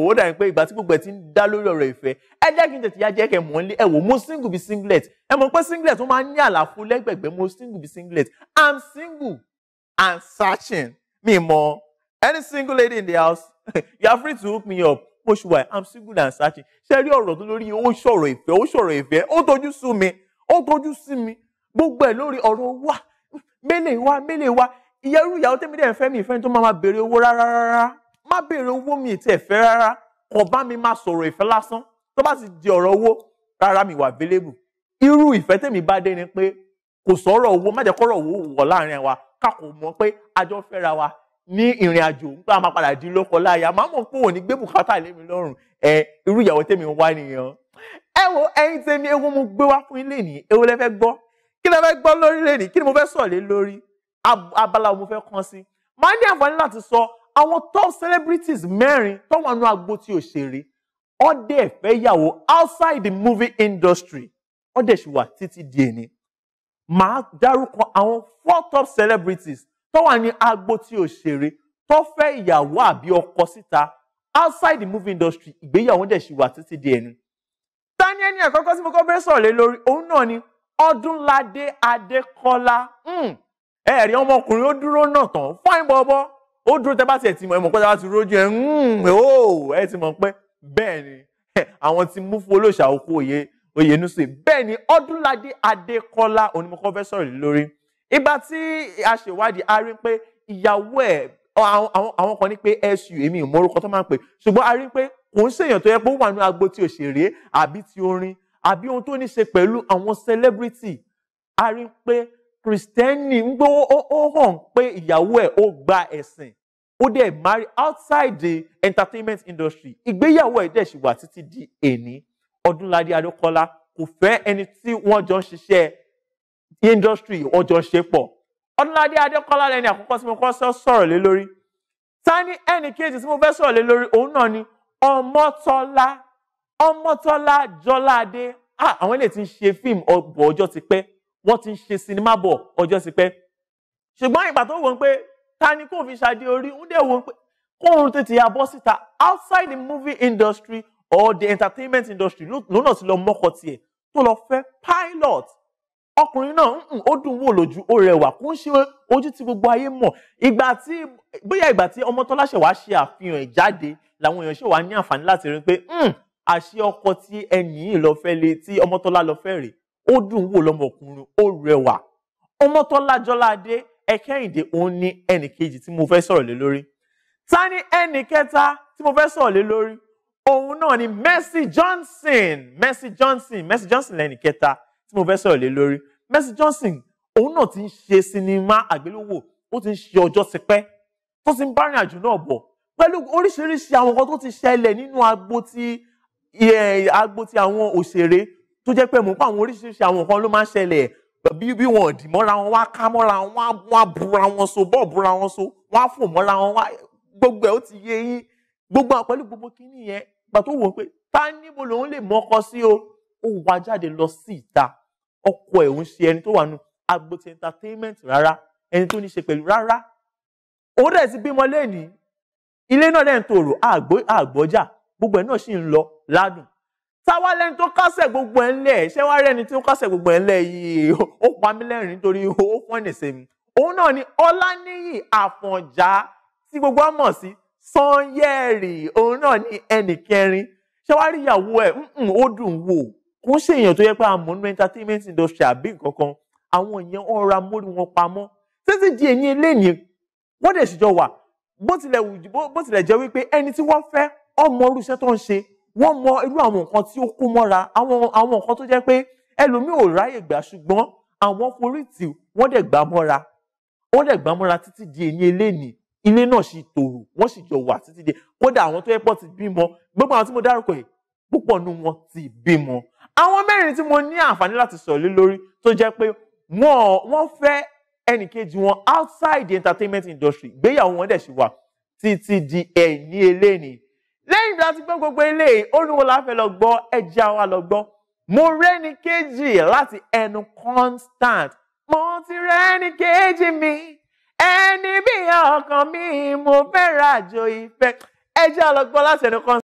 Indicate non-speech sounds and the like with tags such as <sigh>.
owó dàbí pé ìgbà tí gbogbo ẹ̀ ti ń dá lórí ọ̀rọ̀ ìfẹ́ ẹ jẹ́ kí n tètè yá jẹ́ kẹ́ mọ̀ nílé ẹ wò mo single bí singlet ẹ mọ̀ pé singlet ó máa ń ní àlàfo lẹ́gbẹ̀gbẹ́ mo single bí singlet i'm single and searching mi mọ any single lady in the house <laughs> you are free to hook me up mo ṣù wáyé i'm single and searching ṣe rí ọ̀rọ̀ tó lórí ó ṣọ̀rọ̀ ìfẹ́ ó ṣọ̀rọ̀ ìfẹ́ ó tojú sú mi ó tojú sí mi gbogbo ẹ̀ lórí ọ̀rọ̀ wà mélèé wá mélèé wá ìyẹ́rú ìyàwó tẹ́mi dẹ̀ fẹ́ mi ìfẹ́ tó máa ma béèrè owó rárá rárá má béèrè owó mi ètí ẹ̀fẹ́ rárá kàn bá mi máa sọ̀rọ̀ ìfẹ́ lásán tó bá ti di ọ̀rọ̀ owó rárá mi wà available irú ìfẹ́ tèmi bá dé ni pé kò sọ̀rọ̀ owó má jẹ́ kọ́rọ̀ owó wọ̀ láàrin wa kákò mọ̀ pé a jọ fẹ́ra wa ní ìrìn àjò nípa máa padà di lọ́kọ láya máa mọ̀ pé òní gbé bùkátà lé mi lọ́rùn ẹ irú ìyàwó tèmi wá nìyẹn ẹ wo ẹ̀yin tèmi ewu mo gbé wá fún ilé ní ewu lẹ fẹ́ gbọ́ kí lẹ fẹ́ gbọ́ lórí lè ní kí ni mo fẹ́ sọ̀lé lórí abala mo fẹ́ kàn sí máa ní àǹfààní láti sọ àwọn top celebrities mẹ́rin tó wà nínú agbo tí òṣèré ọdẹ ẹ̀fẹ́ yàwó outside the movie industry ọdẹ ṣì wà títí di èní màá dárúkọ àwọn four top celebrities tó wà ní agbo tí òṣèré tó fẹ́ ìyàwó àbí ọkọ síta outside the movie industry ìgbéyàwó dẹ̀ ṣì wà títí di ẹnu. ta ni ẹni àkọ́kọ́ tí mo kọ́ bẹ́rẹ̀ sọ̀rọ̀ lé lórí òun náà ni Ọdúnládé Adékọ́lá hmm. ẹ̀rí ọmọkùnrin ó dúró náà tán fún àyìnbọ̀bọ̀ ó dúró tẹ́ bá tiẹ̀ ti mọ̀ ẹ mọ̀ pé tẹ́ bá ti rójú ẹ ó hmm, ẹ ti mọ̀ pé bẹ́ẹ̀ ni àwọn ti mú fún olóòṣà okú òye Oyènúsì bẹ́ẹ̀ ni Ọdúnládé Adékọ́lá onímọ̀kọ́ fẹ́ sọ̀rọ̀ lórí ìgbà tí a ṣèwádìí a rí pé ìyàwó ẹ̀ àwọn kan ní pé su èmi ìmọ̀rúkọ tó máa ń pè ṣùgbọ́n a rí pé kò ń ṣèyàn tó yẹ pé ó wà ní agbo ti òṣèré àbí ti orin àbí ohun tó ní ṣe pẹ̀lú àwọn celebrity a rí pé kristẹni ń gbé ó hàn pé ìyàwó ẹ̀ ó gba ẹ̀sìn ó dẹ̀ marry outside the entertainment industry ìgbéyàwó ẹ̀ dẹ̀ ṣì wà títí di èní ọdúnládé adékọ́lá kò fẹ́ ẹni tí wọ́n jọ ń ṣiṣẹ́ industry wọ́n jọ ń ṣe pọ̀ ọdúnládé adékọ́lá lẹni àkọ́kọ́ tí mo kọ́ sọ̀rọ̀ lé lórí ta ni ẹnì kejì tí mo fẹ́ sọ̀rọ̀ lé lórí òun náà ni ọmọtọ́lá ọmọtọ́lá jọládé àwọn eléyìí ti ń ṣe fíìmù ọbọ̀ ọjọ́ ti pẹ́ wọ́n ti ń ṣe sinimá bọ̀ ọjọ́ ti pẹ́ ṣùgbọ́n ìgbà tó wọ́n pé ta ni kò fi ṣàdé orí ń dẹ̀ wọ́n pé kóun tètè ya bọ́ síta outside the movie industry or the entertainment industry lónà tí lọ mọ́kọ tiẹ̀ tó lọ fẹ́ pilot ọkùnrin náà ó dùn wò lójú ó rẹwà kó ń ṣe ojú tí gbogbo ayé mọ̀ ìgbà tí bóyá ìgbà tí Ọmọ́tọ́lá ṣe wá ṣe àfihàn ìjáde làwọn èèyàn ṣe wá ní àǹfààní láti rí pé hmm, àṣé ọkọ tí ẹnì yìí lọ fẹ́ lé tí Ọmọ́tọ́lá lọ fẹ́ rè ó dùn wò lọ́mọkùnrin ó rẹwà Ọmọ́tọ́lá ẹ̀kẹ́yìndé òun ni ẹnì kejì tí mo fẹ́ sọ̀rọ̀ lé lórí ta ni ẹnì kẹta tí mo fẹ́ sọ̀rọ̀ lé lórí òun náà ni Mercy Johnson Mercy Johnson Mercy Johnson lẹ́nì kẹta tí mo fẹ́ sọ̀rọ̀ lé lórí Mercy Johnson òun náà ti ń ṣe sinimá àgbéléwò ó ti ń ṣe ọjọ́ ti pẹ́ tó ti ń bá rìn àjò náà bọ̀ pẹ̀lú oríṣiríṣi àwọn nǹkan tó ti ṣẹlẹ̀ nínú agbo ti agbo ti àwọn òṣèré tó jẹ́ pé mo pa àwọn oríṣiríṣi àwọn nǹkan ló máa ń ṣẹlẹ̀ bí bí wọn ò dì mọ́ra wọn wá ká mọ́ra wọn wá wá bura wọn so bọ́ọ̀ bura wọn so wọ́n á fò mọ́ra wọn wá gbogbo ẹ̀ ó ti yé yín gbogbo àwọn pẹ̀lú gbogbo kínní yẹn gbà tó wò ó pé ta níbo lòun lè mọ́kọ sí o ó wá jáde lọ sí ìta ọkọ ẹ̀ ń ṣe ẹni tó wà nù agbo entertainment rárá ẹni tó ní ṣe pẹ̀lú rárá òun dẹ̀ ti bímọ lẹ́nìí ilé náà dẹ̀ ń tòrò àgbọ́jà gbogbo ẹ̀ náà sì ń lọ ládùn táwa lẹni tó kásẹ̀ gbogbo ẹ̀ ńlẹ̀ ṣé wá rẹ́ni tí ó kásẹ̀ gbogbo ẹ̀ ńlẹ̀ yìí <laughs> ó pa mí lẹ́rìn nítorí ó fọ́nì mi òun náà ni ọláníyì àfọ̀njá tí gbogbo ọmọ sí sanyẹ́rì òun náà ni ẹnì kẹrin ṣé wá rí ìyàwó ẹ̀ ó dùn wò kò ń ṣe èèyàn tó yẹ pé àmọ́ entertainment industry àbí nǹkan kan àwọn èèyàn ọ̀ra mórí wọn pamọ́ títí di èyí eléyìí wọ́n dẹ̀ ṣìjọ wà bó tilẹ̀ jẹ́ wípé ẹni tí wọ́n fẹ́ ọmọ orúṣẹ́ tó ń ṣe wọ́n mọ irú àwọn nǹkan tí ó kó mọ́ra àwọn àwọn nǹkan tó jẹ́ pé ẹlòmíì ò ráyè gbà ṣùgbọ́n àwọn forí tì wọ́n dẹ̀ gbà mọ́ra wọ́n dẹ̀ gbà mọ́ra títí di èyí eléni ilé náà sì tòrò wọ́n sì jọ wà títí di kódà àwọn tó yẹ pọ̀ ti bímọ gbogbo àwọn tí mo dárúkọ yìí púpọ̀ nu wọn ti bímọ. àwọn mẹ́rin tí mo ní àǹfààní láti sọ̀rọ̀ lé lórí tó jẹ́ pé wọ́n fẹ́ ẹnìkejì wọn outside the entertainment industry ìgbéyàwó wọn dẹ̀ sì wà títí di ẹ̀yìn eléni níbi láti gbọ́ gbogbo eléyìí olúwo la fẹ́ lọ gbọ́ ẹja wa lọ gbọ́ mo rẹ́ni kejì láti ẹnu constant mo ti rẹ́ni kejì mi ẹni bí ọkàn mi mo fẹ́ ràjò ìfẹ́ ẹja lọ gbọ́ láti ẹnu constant.